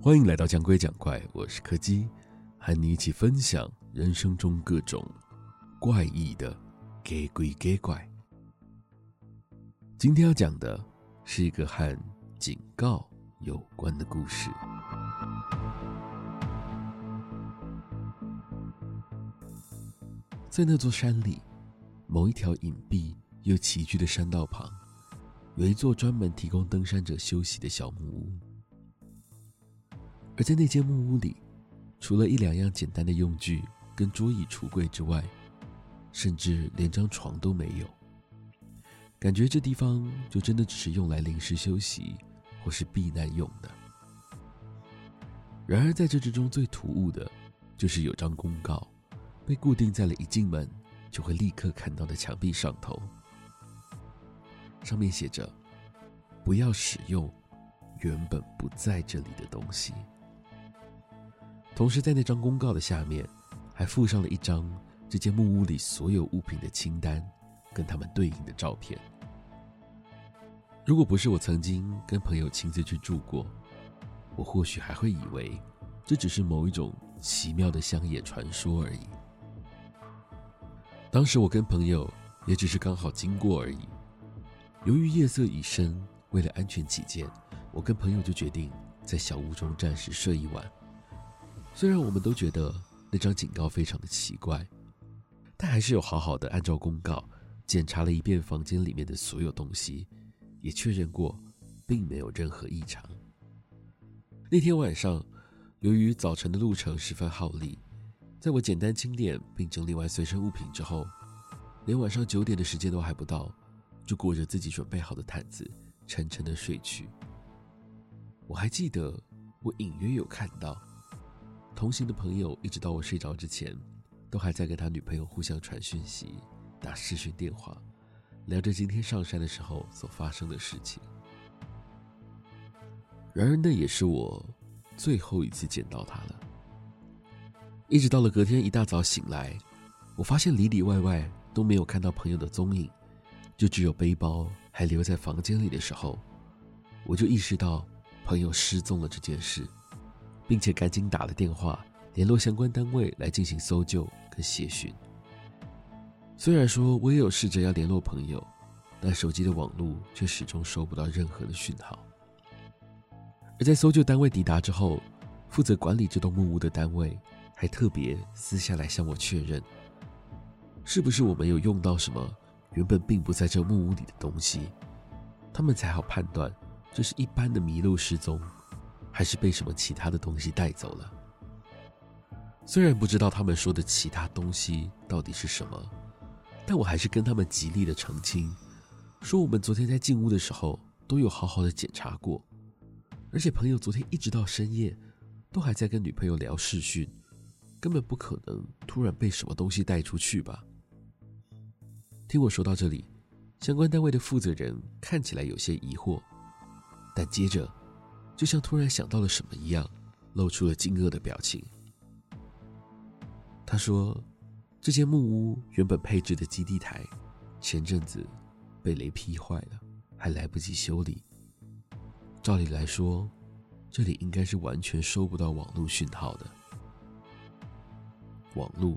歡迎來到講鬼講怪，我是柯基，和你一起分享人生中各種怪異的給鬼給怪。今天要講的是一個和警告有關的故事，在那座山裡，某一條隱蔽又崎嶇的山道旁。有一座專門提供登山者休息的小木屋，而在那間木屋裡，除了一兩樣簡單的用具跟桌椅、櫥櫃、櫃之外，甚至連張床都沒有。感覺這地方就真的只是用來臨時休息或是避難用的。然而在這之中最突兀的，就是有張公告，被固定在了一進門就會立刻看到的牆壁上頭。上面寫着：“不要使用原本不在這裡的東西。”同時，在那張公告的下面，還附上了一張這間木屋裡所有物品的清單，跟他們對應的照片。如果不是我曾經跟朋友親自去住過，我或許還會以為這只是某一種奇妙的鄉野傳說而已。當時我跟朋友也只是剛好經過而已。由於夜色已深，為了安全起見，我跟朋友就決定在小屋中暫時睡一晚。雖然我們都覺得那張警告非常的奇怪，但還是有好好的按照公告檢查了一遍房間裡面的所有東西，也確認過，並沒有任何異常。那天晚上，由於早晨的路程十分耗力，在我簡單清點並整理完隨身物品之後，連晚上九點的時間都還不到。就裹着自己準備好的毯子，沉沉的睡去。我還記得，我隱約有看到，同行的朋友，一直到我睡着之前，都還在跟他女朋友互相傳訊息，打視訊電話，聊着今天上山的時候所發生的事情。然而，那也是我最後一次見到他了。一直到了隔天一大早醒來，我發現裡裡外外都沒有看到朋友的蹤影。就只有背包還留在房間裡的時候，我就意識到朋友失蹤了這件事，並且趕緊打了電話聯絡相關單位來進行搜救跟協尋。雖然說我也有試着要聯絡朋友，但手機的網路卻始終收不到任何的訊號。而在搜救單位抵達之後，負責管理這棟木屋的單位還特別私下來向我確認，是不是我沒有用到什麼，原本並不在這木屋裡的東西，他們才好判斷，這是一般的迷路失蹤，還是被什麼其他的東西帶走了。雖然不知道他們說的其他東西到底是什麼，但我還是跟他們極力的澄清，說我們昨天在進屋的時候都有好好的檢查過，而且朋友昨天一直到深夜都還在跟女朋友聊視訊，根本不可能突然被什麼東西帶出去吧。聽我說到這裡，相關單位的負責人看起來有些疑惑，但接着，就像突然想到了什麼一樣，露出了驚愕的表情。他說：“這間木屋原本配置的基地台，前陣子被雷劈壞了，還來不及修理。照理來說，這裡應該是完全收不到網絡訊號的。”網絡。